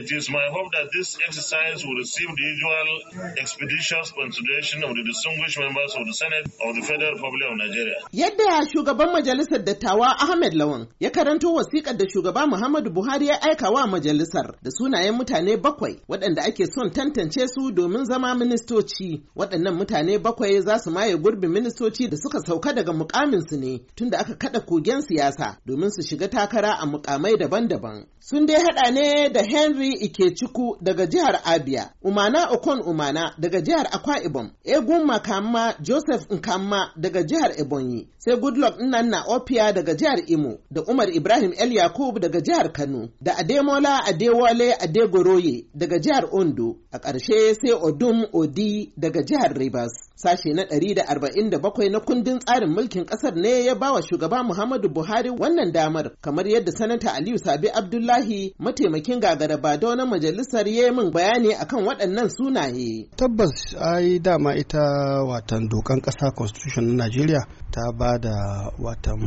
It is my hope that this exercise will receive the usual expeditious consideration of the distinguished members of the Senate of the Federal Republic of Nigeria. Yadda shugaban majalisar dattawa Ahmed Lawan ya karanto wasiƙar da shugaba Muhammadu Buhari ya aika wa majalisar da sunayen mutane bakwai waɗanda ake son tantance su domin zama ministoci. Waɗannan mutane bakwai za su maye gurbin ministoci da suka sauka daga mukaminsu ne tunda aka kada kogen siyasa domin su shiga takara a mukamai daban-daban. Sun dai haɗa ne da Henry ike Ikechukwu daga jihar Abia, Umana Okon Umana daga jihar Akwa Ibom, Egun Makamma Joseph Nkamma daga jihar Ebonyi, sai Goodluck Nnanna Opia daga jihar Imo, da Umar Ibrahim El Yakub daga jihar Kano, da Ademola Adewale Adegoroye daga jihar Ondo, a ƙarshe sai Odum Odi daga jihar Rivers. Sashe na ɗari da da arba'in bakwai na kundin tsarin mulkin ƙasar ne ya ba wa shugaba Muhammadu Buhari wannan damar, kamar yadda Sanata Aliyu Sabi Abdullahi mataimakin gagaraba Bado na majalisar ya min bayani akan waɗannan sunaye. Tabbas ai dama ita watan dokan ƙasa constitution na Najeriya ta ba da watan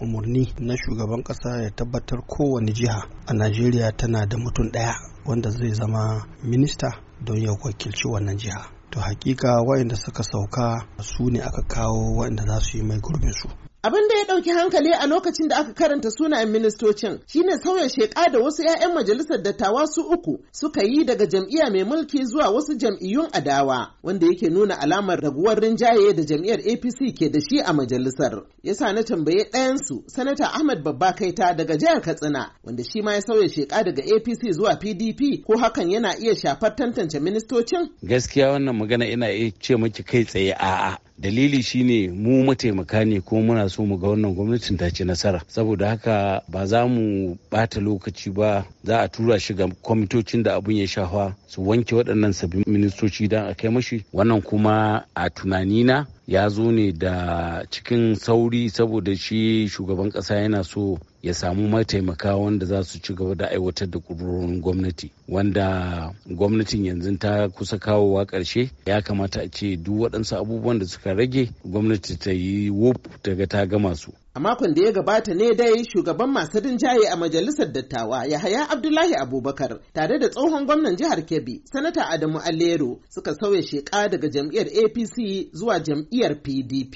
umarni na shugaban ƙasa ya tabbatar kowane jiha a Najeriya tana da mutum ɗaya wanda zai zama minista don ya wakilci wannan jiha. to hakika waɗanda suka sauka su ne aka kawo waɗanda za su yi mai gurbin su Abin da ya ɗauki hankali a lokacin da aka karanta sunayen ministocin shine sauya sheƙa da wasu 'ya'yan majalisar dattawa su uku suka yi daga jam'iyya mai mulki zuwa wasu jam'iyyun adawa wanda yake nuna alamar raguwar rinjaye da jam'iyyar APC ke da shi a majalisar. Yasa na tambaye ɗayansu sanata Ahmad Babba Kaita daga jihar Katsina wanda shi ma ya sauya sheƙa daga APC zuwa PDP ko hakan yana iya shafar tantance ministocin? Gaskiya wannan magana ina iya ce miki kai tsaye a'a dalili shine mu mataimaka ne kuma muna so mu ga wannan gwamnatin ta ce nasara saboda haka ba za mu bata lokaci ba za a tura shi ga kwamitocin da abun ya shafa su wanke waɗannan sabbin ministoci don a kai mashi wannan kuma a tunanina ya zo ne da cikin sauri saboda shi shugaban kasa yana so ya samu mataimaka wanda za su ci gaba da aiwatar da kudurorin gwamnati wanda gwamnatin yanzu ta kusa kawowa ƙarshe ya kamata a ce duk waɗansu abubuwan da suka rage gwamnati ta yi wuf daga ta gama su A makon da ya gabata ne dai shugaban masu rinjaye a majalisar dattawa Yahaya Abdullahi Abubakar tare da tsohon gwamnan jihar Kebbi Sanata Adamu Alero suka sauya sheka daga jam'iyyar APC zuwa jam'iyyar PDP.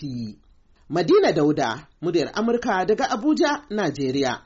Madina Dauda, muryar Amurka daga Abuja, Najeriya.